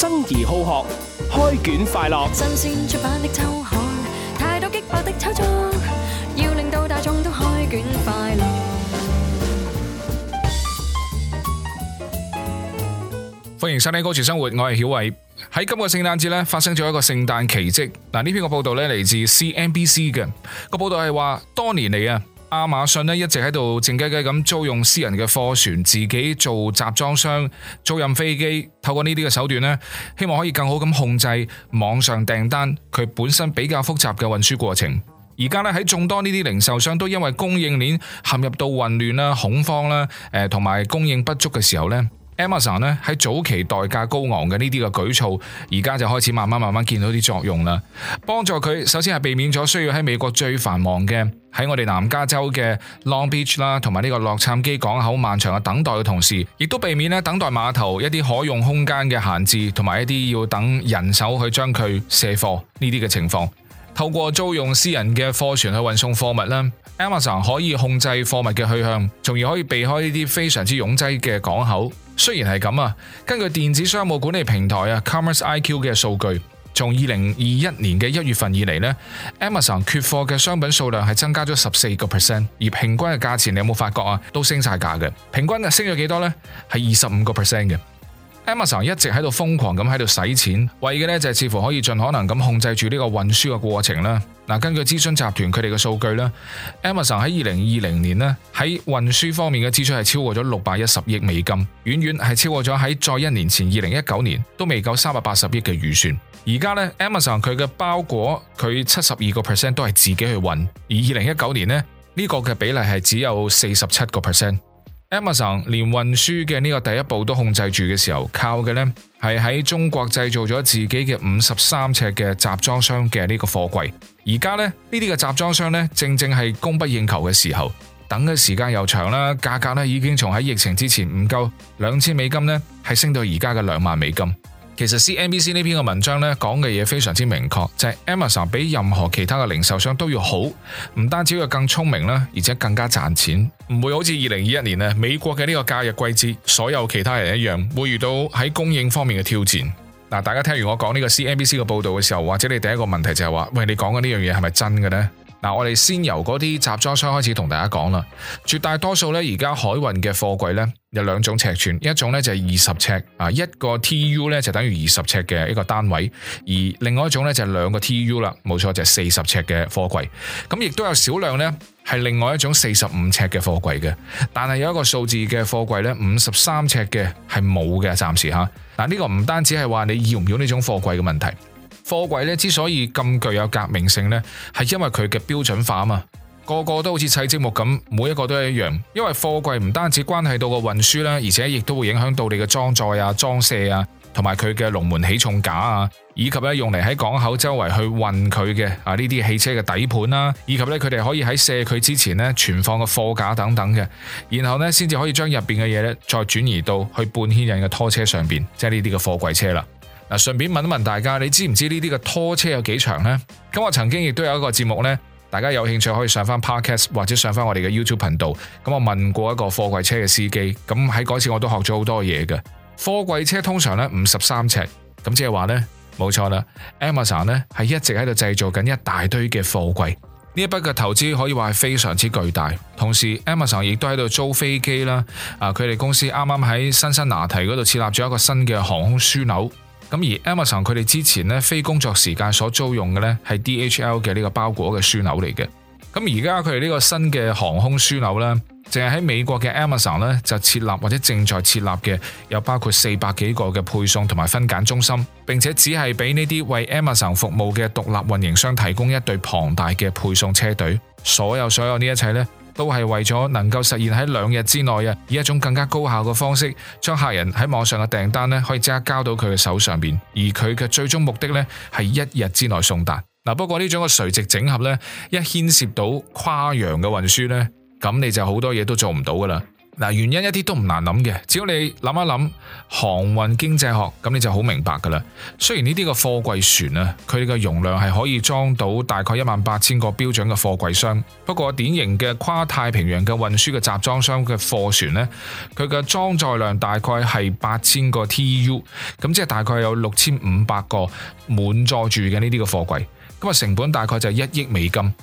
生而好學，開卷快樂。新鮮出版的週刊，太多激烈的炒作，要令到大眾都開卷快樂。歡迎收聽《歌詞生活》，我曉偉，我係曉偉。喺今個聖誕節咧，發生咗一個聖誕奇蹟。嗱，呢篇個報道咧嚟自 CNBC 嘅個報道係話，多年嚟啊。亞馬遜咧一直喺度靜雞雞咁租用私人嘅貨船，自己做集裝箱租賃飛機，透過呢啲嘅手段呢，希望可以更好咁控制網上訂單，佢本身比較複雜嘅運輸過程。而家呢，喺眾多呢啲零售商都因為供應鏈陷入到混亂啦、恐慌啦、誒同埋供應不足嘅時候呢。Amazon 咧喺早期代價高昂嘅呢啲嘅舉措，而家就開始慢慢慢慢見到啲作用啦，幫助佢首先係避免咗需要喺美國最繁忙嘅喺我哋南加州嘅 Long Beach 啦，同埋呢個洛杉磯港口漫長嘅等待嘅同時，亦都避免咧等待碼頭一啲可用空間嘅閒置，同埋一啲要等人手去將佢卸貨呢啲嘅情況。透過租用私人嘅貨船去運送貨物啦，Amazon 可以控制貨物嘅去向，從而可以避開呢啲非常之擁擠嘅港口。雖然係咁啊，根據電子商務管理平台啊 Commerce IQ 嘅數據，從二零二一年嘅一月份以嚟咧，Amazon 缺貨嘅商品數量係增加咗十四個 percent，而平均嘅價錢你有冇發覺啊？都升晒價嘅，平均啊升咗幾多呢？係二十五個 percent 嘅。Amazon 一直喺度瘋狂咁喺度使錢，為嘅咧就係似乎可以盡可能咁控制住呢個運輸嘅過程啦。嗱，根據諮詢集團佢哋嘅數據咧，Amazon 喺二零二零年咧喺運輸方面嘅支出係超過咗六百一十億美金，遠遠係超過咗喺再一年前二零一九年都未夠三百八十億嘅預算。而家咧，Amazon 佢嘅包裹佢七十二個 percent 都係自己去運，而二零一九年咧呢個嘅比例係只有四十七個 percent。Amazon 連運輸嘅呢個第一步都控制住嘅時候，靠嘅呢係喺中國製造咗自己嘅五十三尺嘅集裝箱嘅呢個貨櫃。而家呢，呢啲嘅集裝箱呢，正正係供不應求嘅時候，等嘅時間又長啦，價格呢已經從喺疫情之前唔夠兩千美金呢，係升到而家嘅兩萬美金。其實 CNBC 呢篇嘅文章咧，講嘅嘢，非常之明確，就係 Amazon 比任何其他嘅零售商都要好，唔單止要更聰明啦，而且更加賺錢，唔會好似二零二一年咧，美國嘅呢個假日季節，所有其他人一樣會遇到喺供應方面嘅挑戰。嗱，大家聽完我講呢個 CNBC 嘅報道嘅時候，或者你第一個問題就係話，喂，你講緊呢樣嘢係咪真嘅呢？嗱，我哋先由嗰啲集裝箱開始同大家講啦。絕大多數咧，而家海運嘅貨櫃咧有兩種尺寸，一種咧就係二十尺啊，一個 TU 咧就等於二十尺嘅一個單位，而另外一種咧就係兩個 TU 啦，冇錯就係四十尺嘅貨櫃。咁亦都有少量咧係另外一種四十五尺嘅貨櫃嘅，但係有一個數字嘅貨櫃咧五十三尺嘅係冇嘅，暫時吓。嗱、這、呢個唔單止係話你要唔要呢種貨櫃嘅問題。貨櫃咧之所以咁具有革命性呢，係因為佢嘅標準化啊嘛，個個都好似砌積木咁，每一個都係一樣。因為貨櫃唔單止關係到個運輸啦，而且亦都會影響到你嘅裝載啊、裝卸啊，同埋佢嘅龍門起重架啊，以及咧用嚟喺港口周圍去運佢嘅啊呢啲汽車嘅底盤啦，以及咧佢哋可以喺卸佢之前呢存放嘅貨架等等嘅，然後呢，先至可以將入邊嘅嘢呢，再轉移到去半牽引嘅拖車上邊，即係呢啲嘅貨櫃車啦。嗱，順便問一問大家，你知唔知呢啲嘅拖車有幾長呢？咁我曾經亦都有一個節目呢，大家有興趣可以上翻 podcast 或者上翻我哋嘅 YouTube 頻道。咁我問過一個貨櫃車嘅司機，咁喺嗰次我都學咗好多嘢㗎。貨櫃車通常咧五十三尺，咁即係話呢，冇錯啦。Amazon 呢係一直喺度製造緊一大堆嘅貨櫃，呢一筆嘅投資可以話係非常之巨大。同時，Amazon 亦都喺度租飛機啦。啊，佢哋公司啱啱喺辛辛那提嗰度設立咗一個新嘅航空樞紐。咁而 Amazon 佢哋之前咧非工作時間所租用嘅咧係 DHL 嘅呢個包裹嘅樞紐嚟嘅，咁而家佢哋呢個新嘅航空樞紐咧，淨係喺美國嘅 Amazon 咧就設立或者正在設立嘅，有包括四百幾個嘅配送同埋分揀中心，並且只係俾呢啲為 Amazon 服務嘅獨立運營商提供一隊龐大嘅配送車隊，所有所有呢一切咧，都係為咗能夠實現喺兩日之內啊，以一種更加高效嘅方式，將客人喺網上嘅訂單咧，可以即刻交到佢嘅手上邊，而佢嘅最終目的咧係一日之內送達。嗱，不過呢種嘅垂直整合咧，一牽涉到跨洋嘅運輸咧，咁你就好多嘢都做唔到㗎喇。嗱，原因一啲都唔難諗嘅，只要你諗一諗航運經濟學，咁你就好明白噶啦雖然呢啲個貨櫃船啊，佢嘅容量係可以裝到大概一萬八千個標準嘅貨櫃箱，不過典型嘅跨太平洋嘅運輸嘅集裝箱嘅貨船呢，佢嘅裝載量大概係八千個 TEU，咁即係大概有六千五百個滿載住嘅呢啲個貨櫃，咁啊成本大概就係一億美金。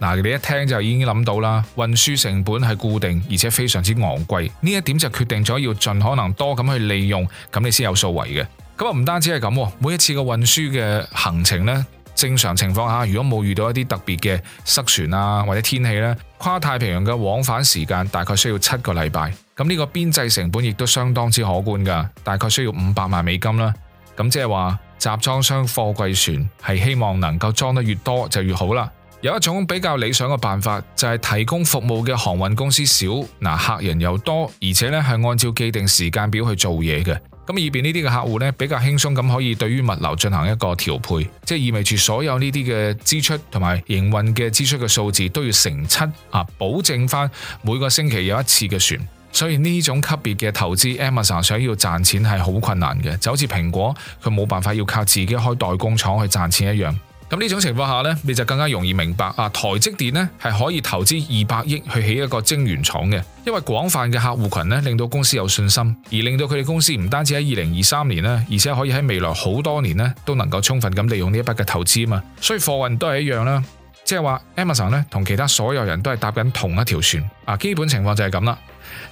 嗱，你一聽就已經諗到啦，運輸成本係固定而且非常之昂貴，呢一點就決定咗要盡可能多咁去利用，咁你先有數圍嘅。咁啊，唔單止係咁，每一次嘅運輸嘅行程呢，正常情況下，如果冇遇到一啲特別嘅塞船啊或者天氣呢，跨太平洋嘅往返時間大概需要七個禮拜，咁呢個邊際成本亦都相當之可觀噶，大概需要五百萬美金啦。咁即係話集裝箱貨櫃船係希望能夠裝得越多就越好啦。有一種比較理想嘅辦法，就係提供服務嘅航運公司少，嗱，客人又多，而且咧係按照既定時間表去做嘢嘅。咁，以便呢啲嘅客戶咧，比較輕鬆咁可以對於物流進行一個調配，即係意味住所有呢啲嘅支出同埋營運嘅支出嘅數字都要乘七啊，保證翻，每個星期有一次嘅船。所以呢種級別嘅投資，Amazon 想要賺錢係好困難嘅，就好似蘋果佢冇辦法要靠自己開代工廠去賺錢一樣。咁呢種情況下呢，你就更加容易明白啊！台積電呢係可以投資二百億去起一個晶圓廠嘅，因為廣泛嘅客戶群呢令到公司有信心，而令到佢哋公司唔單止喺二零二三年呢，而且可以喺未來好多年呢都能夠充分咁利用呢一筆嘅投資啊嘛。所以貨運都係一樣啦，即係話 Amazon 呢同其他所有人都係搭緊同一條船啊，基本情況就係咁啦。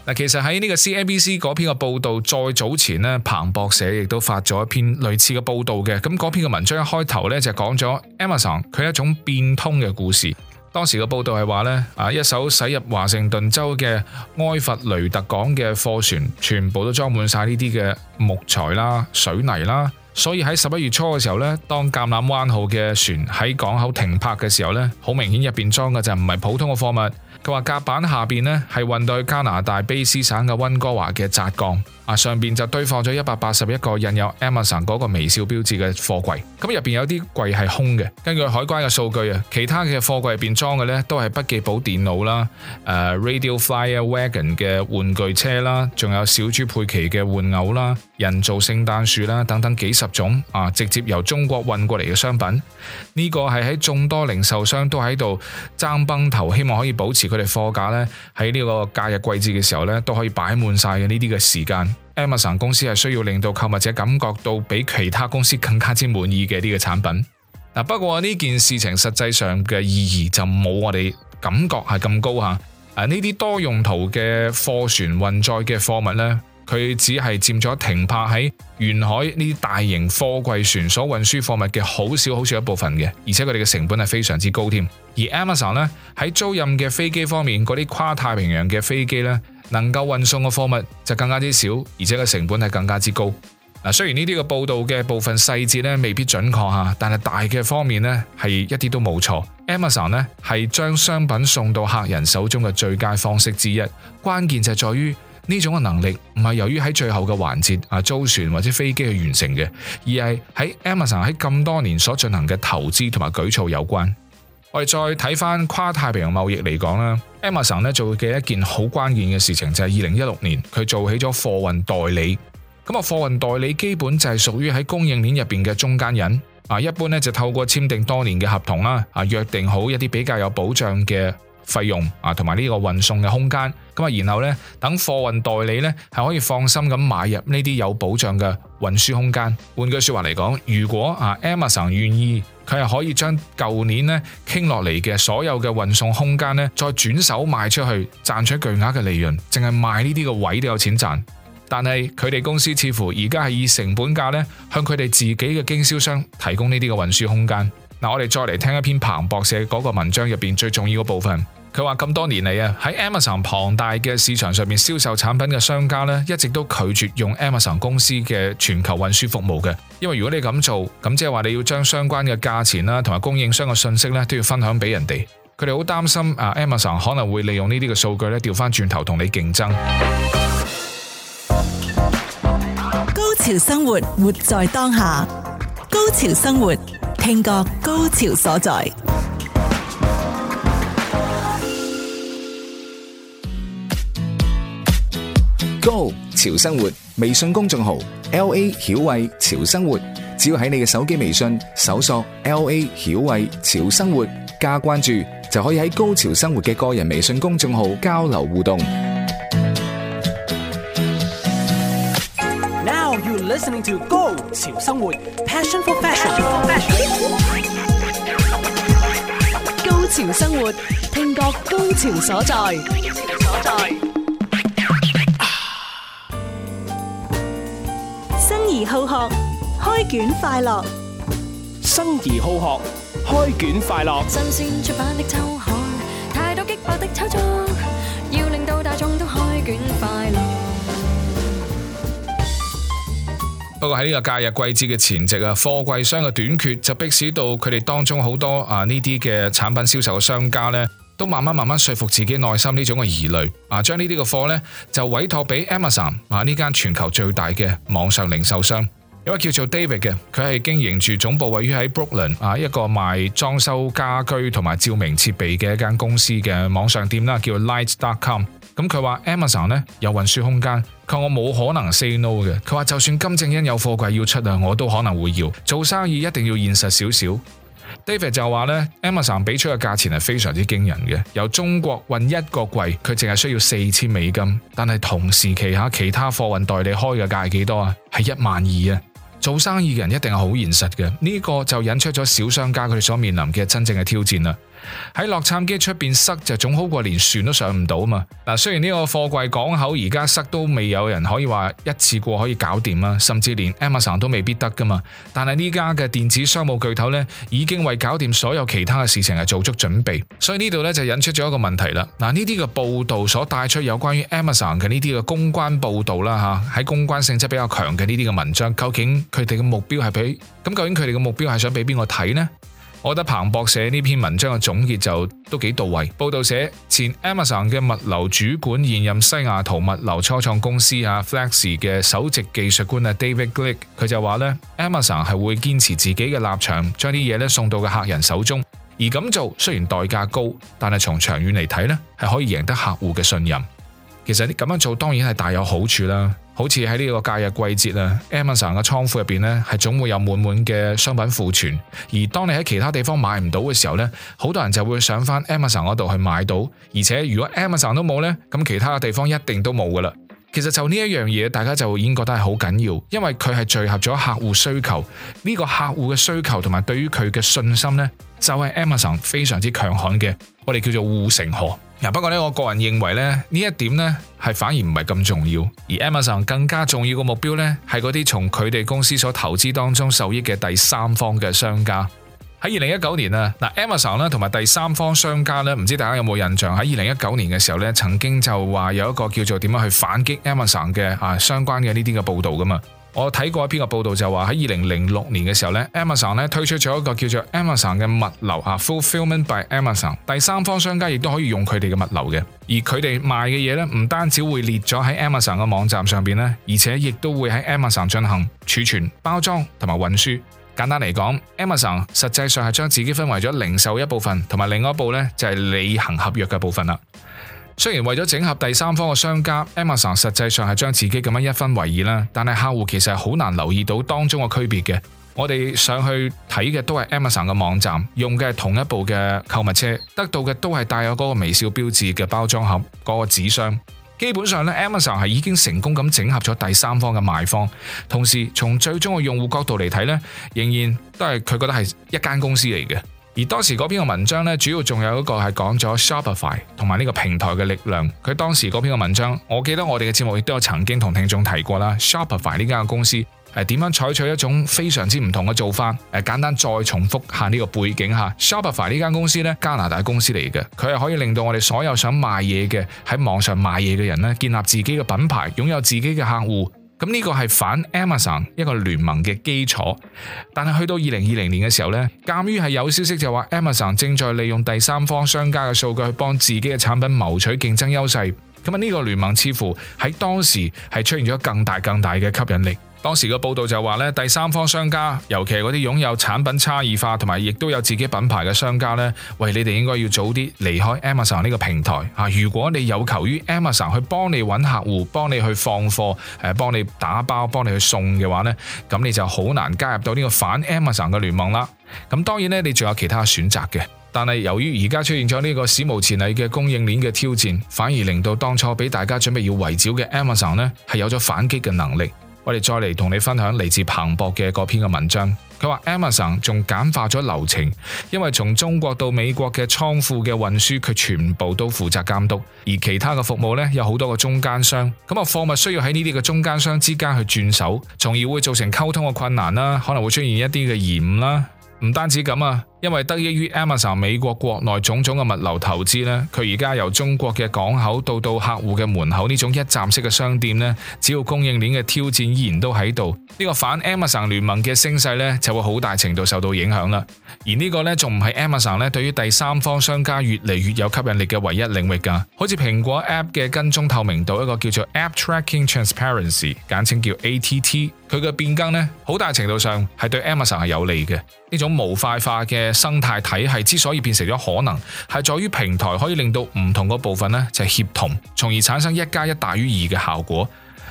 嗱，其實喺呢個 CNBC 嗰篇嘅報道，再早前咧，彭博社亦都發咗一篇類似嘅報道嘅。咁嗰篇嘅文章一開頭呢，就講咗 Amazon 佢一種變通嘅故事。當時嘅報道係話呢啊，一艘駛入華盛頓州嘅埃弗雷特港嘅貨船，全部都裝滿晒呢啲嘅木材啦、水泥啦，所以喺十一月初嘅時候呢，當橄欖灣號嘅船喺港口停泊嘅時候呢，好明顯入邊裝嘅就唔係普通嘅貨物。佢話甲板下邊，咧係運到去加拿大卑詩省嘅溫哥華嘅扎鋼。上邊就堆放咗一百八十一個印有 Amazon 嗰個微笑標誌嘅貨櫃，咁入邊有啲櫃係空嘅。根據海關嘅數據啊，其他嘅貨櫃入邊裝嘅呢都係筆記簿電腦、電腦啦、Radio Flyer Wagon 嘅玩具車啦、仲有小豬佩奇嘅玩偶啦、人造聖誕樹啦等等幾十種啊，直接由中國運過嚟嘅商品。呢、呢個係喺眾多零售商都喺度爭崩頭，希望可以保持佢哋貨架呢喺呢個假日季節嘅時候呢，都可以擺滿晒嘅呢啲嘅時間。Amazon 公司係需要令到購物者感覺到比其他公司更加之滿意嘅呢、呢個產品。嗱，不過呢件事情實際上嘅意義就冇我哋感覺係咁高吓。誒、啊，呢啲多用途嘅貨船運載嘅貨物咧，佢只係佔咗停泊喺沿海呢啲大型貨櫃船所運輸貨物嘅好少好少一部分嘅，而且佢哋嘅成本係非常之高添。而 Amazon 咧喺租賃嘅飛機方面，嗰啲跨太平洋嘅飛機咧，能夠運送嘅貨物就更加之少，而且個成本係更加之高。嗱，雖然呢啲嘅報道嘅部分細節咧未必準確吓，但係大嘅方面咧係一啲都冇錯。Amazon 咧係將商品送到客人手中嘅最佳方式之一，關鍵就係在於。呢種嘅能力唔係由於喺最後嘅環節啊，租船或者飛機去完成嘅，而係喺 Amazon 喺咁多年所進行嘅投資同埋舉措有關。我哋再睇翻跨太平洋貿易嚟講啦，Amazon 做嘅一件好關鍵嘅事情就係二零一六年佢做起咗貨運代理。咁啊，貨運代理基本就係屬於喺供應鏈入邊嘅中間人。啊，一般呢就透過簽訂多年嘅合同啦，啊約定好一啲比較有保障嘅費用啊，同埋呢個運送嘅空間。咁啊，然後咧，等貨運代理咧，係可以放心咁買入呢啲有保障嘅運輸空間。換句説話嚟講，如果啊 Amazon 願意，佢係可以將舊年咧傾落嚟嘅所有嘅運送空間咧，再轉手賣出去，賺取巨額嘅利潤，淨係賣呢啲嘅位都有錢賺。但係佢哋公司似乎而家係以成本價咧，向佢哋自己嘅經銷商提供呢啲嘅運輸空間。嗱、嗯，我哋再嚟聽一篇彭博社嗰個文章入邊最重要嘅部分。佢話咁多年嚟啊，喺 Amazon 龐大嘅市場上面銷售產品嘅商家咧，一直都拒絕用 Amazon 公司嘅全球運輸服務嘅，因為如果你咁做，咁即係話你要將相關嘅價錢啦，同埋供應商嘅信息咧，都要分享俾人哋。佢哋好擔心啊，Amazon 可能會利用呢啲嘅數據咧，調翻轉頭同你競爭。高潮生活，活在當下。高潮生活，聽覺高潮所在。Go 潮生活微信公眾號，L A 曉慧潮生活，只要喺你嘅手機微信搜索 L A 曉慧潮生活加關注，就可以喺高潮生活嘅個人微信公眾號交流互動。Now you're listening to Go 潮生活，Passion for Fashion。高潮生活，聽覺高潮所在。所在好學，開卷快樂。生而好學，開卷快樂。新鮮出版的周刊，太多激發的炒作，要令到大眾都開卷快樂。不過喺呢個假日季節嘅前夕啊，貨櫃商嘅短缺就迫使到佢哋當中好多啊呢啲嘅產品銷售嘅商家呢。都慢慢慢慢說服自己內心呢種嘅疑慮，啊，將呢啲嘅貨呢，就委託俾 Amazon 啊呢間全球最大嘅網上零售商。有位叫做 David 嘅，佢係經營住總部位於喺 Brooklyn 啊一個賣裝修家居同埋照明設備嘅一間公司嘅網上店啦，叫 Lights.com。咁、嗯、佢話、嗯、Amazon 呢有運輸空間，佢我冇可能 say no 嘅。佢話就算金正恩有貨櫃要出啊，我都可能會要。做生意一定要現實少少。David 就話呢 Amazon 俾出嘅價錢係非常之驚人嘅，由中國運一個櫃，佢淨係需要四千美金，但係同時期下其他貨運代理開嘅價係幾多啊？係一萬二。做生意嘅人一定係好現實嘅，呢、這個就引出咗小商家佢哋所面臨嘅真正嘅挑戰啦。喺洛杉磯出邊塞就總好過連船都上唔到嘛。嗱，雖然呢個貨櫃港口而家塞都未有人可以話一次過可以搞掂啦，甚至連 Amazon 都未必得噶嘛。但係呢家嘅電子商務巨頭咧，已經為搞掂所有其他嘅事情係做足準備。所以呢度咧就引出咗一個問題啦。嗱，呢啲嘅報道所帶出有關於 Amazon 嘅呢啲嘅公關報道啦，吓喺公關性質比較強嘅呢啲嘅文章，究竟佢哋嘅目標係俾？咁究竟佢哋嘅目標係想俾邊個睇呢？我覺得彭博社呢篇文章嘅總結就都幾到位。報道寫，前 Amazon 嘅物流主管，現任西雅圖物流初創公司啊 Flexi 嘅首席技術官啊 David Glick，佢就話呢 Amazon 係會堅持自己嘅立場，將啲嘢送到嘅客人手中。而咁做雖然代價高，但係從長遠嚟睇，呢係可以贏得客戶嘅信任。其實呢咁樣做當然係大有好處啦。好似喺呢個假日季節啊，Amazon 嘅倉庫入邊咧係總會有滿滿嘅商品庫存，而當你喺其他地方買唔到嘅時候咧，好多人就會上翻 Amazon 嗰度去買到，而且如果 Amazon 都冇咧，咁其他嘅地方一定都冇噶啦。其實就呢一樣嘢，大家就已經覺得係好緊要，因為佢係聚合咗客戶需求呢、呢個客戶嘅需求，同埋對於佢嘅信心呢，就係、是、Amazon 非常之強悍嘅，我哋叫做護城河啊。不過呢，我個人認為咧，呢一點呢，係反而唔係咁重要，而 Amazon 更加重要嘅目標呢，係嗰啲從佢哋公司所投資當中受益嘅第三方嘅商家。喺二零一九年啊，嗱 Amazon 咧同埋第三方商家咧，唔知大家有冇印象？喺二零一九年嘅時候咧，曾經就話有一個叫做點樣去反擊 Amazon 嘅啊相關嘅呢啲嘅報導噶嘛。我睇過一篇嘅報導就話喺二零零六年嘅時候咧，Amazon 咧推出咗一個叫做 Amazon 嘅物流啊 fulfillment by Amazon，第三方商家亦都可以用佢哋嘅物流嘅，而佢哋賣嘅嘢咧唔單止會列咗喺 Amazon 嘅網站上邊咧，而且亦都會喺 Amazon 進行儲存、包裝同埋運輸。簡單嚟講，Amazon 實際上係將自己分為咗零售一部分，同埋另外一部咧就係、是、履行合約嘅部分啦。雖然為咗整合第三方嘅商家，Amazon 實際上係將自己咁樣一分為二啦，但係客戶其實係好難留意到當中嘅區別嘅。我哋上去睇嘅都係 Amazon 嘅網站，用嘅係同一部嘅購物車，得到嘅都係帶有嗰個微笑標誌嘅包裝盒，嗰、那個紙箱。基本上咧，Amazon 係已經成功咁整合咗第三方嘅賣方，同時從最終嘅用戶角度嚟睇咧，仍然都係佢覺得係一間公司嚟嘅。而當時嗰篇嘅文章咧，主要仲有一個係講咗 Shopify 同埋呢個平台嘅力量。佢當時嗰篇嘅文章，我記得我哋嘅節目亦都有曾經同聽眾提過啦，Shopify 呢間公司。誒點樣採取一種非常之唔同嘅做法？誒，簡單再重複下呢個背景吓。Shopify 呢間公司呢，加拿大公司嚟嘅，佢係可以令到我哋所有想賣嘢嘅喺網上賣嘢嘅人呢，建立自己嘅品牌，擁有自己嘅客戶。咁呢個係反 Amazon 一個聯盟嘅基礎。但係去到二零二零年嘅時候呢，鑑於係有消息就話 Amazon 正在利用第三方商家嘅數據去幫自己嘅產品謀取競爭優勢，咁啊呢個聯盟似乎喺當時係出現咗更大更大嘅吸引力。當時嘅報道就話咧，第三方商家，尤其係嗰啲擁有產品差異化同埋亦都有自己品牌嘅商家呢，喂，你哋應該要早啲離開 Amazon 呢個平台嚇、啊。如果你有求於 Amazon 去幫你揾客戶、幫你去放貨、誒幫你打包、幫你去送嘅話呢，咁你就好難加入到呢個反 Amazon 嘅聯盟啦。咁當然呢，你仲有其他選擇嘅，但係由於而家出現咗呢個史無前例嘅供應鏈嘅挑戰，反而令到當初俾大家準備要圍剿嘅 Amazon 呢係有咗反擊嘅能力。我哋再嚟同你分享嚟自彭博嘅嗰篇嘅文章，佢話 Amazon 仲簡化咗流程，因為從中國到美國嘅倉庫嘅運輸，佢全部都負責監督，而其他嘅服務呢，有好多嘅中間商，咁啊貨物需要喺呢啲嘅中間商之間去轉手，從而會造成溝通嘅困難啦，可能會出現一啲嘅延誤啦，唔單止咁啊。因為得益於 Amazon 美國國內種種嘅物流投資咧，佢而家由中國嘅港口到到客戶嘅門口呢種一站式嘅商店咧，只要供應鏈嘅挑戰依然都喺度，呢、這個反 Amazon 聯盟嘅聲勢咧就會好大程度受到影響啦。而呢個呢，仲唔係 Amazon 咧對於第三方商家越嚟越有吸引力嘅唯一領域噶，好似蘋果 App 嘅跟蹤透明度一個叫做 App Tracking Transparency，簡稱叫 ATT，佢嘅變更呢，好大程度上係對 Amazon 係有利嘅，呢種模塊化嘅。生態體系之所以變成咗可能，係在於平台可以令到唔同嘅部分咧就協同，從而產生一加一大於二嘅效果。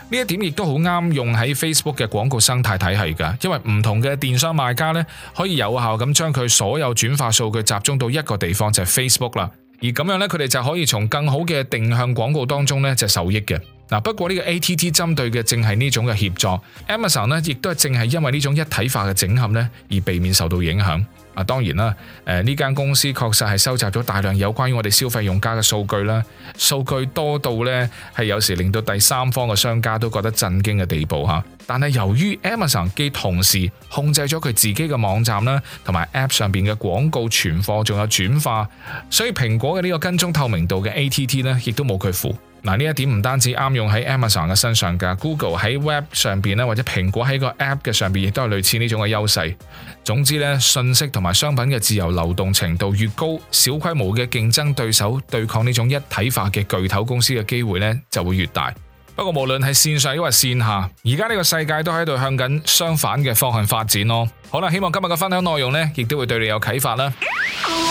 呢一點亦都好啱用喺 Facebook 嘅廣告生態體系噶，因為唔同嘅電商賣家咧可以有效咁將佢所有轉化數據集中到一個地方，就係 Facebook 啦。而咁樣咧，佢哋就可以從更好嘅定向廣告當中咧就受益嘅嗱。不過呢個 ATT 針對嘅正係呢種嘅協助，Amazon 咧亦都係正係因為呢種一體化嘅整合咧而避免受到影響。啊，當然啦，誒呢間公司確實係收集咗大量有關於我哋消費用家嘅數據啦，數據多到呢係有時令到第三方嘅商家都覺得震驚嘅地步嚇。但係由於 Amazon 既同時控制咗佢自己嘅網站啦，同埋 App 上邊嘅廣告存貨仲有轉化，所以蘋果嘅呢個跟蹤透明度嘅 ATT 呢亦都冇佢符。嗱，呢一點唔單止啱用喺 Amazon 嘅身上㗎，Google 喺 Web 上邊呢，或者蘋果喺個 App 嘅上邊亦都係類似呢種嘅優勢。總之呢，信息同同埋商品嘅自由流動程度越高，小規模嘅競爭對手對抗呢種一體化嘅巨頭公司嘅機會呢就會越大。不過無論係綫上抑或綫下，而家呢個世界都喺度向緊相反嘅方向發展咯。好啦，希望今日嘅分享內容呢亦都會對你有啟發啦。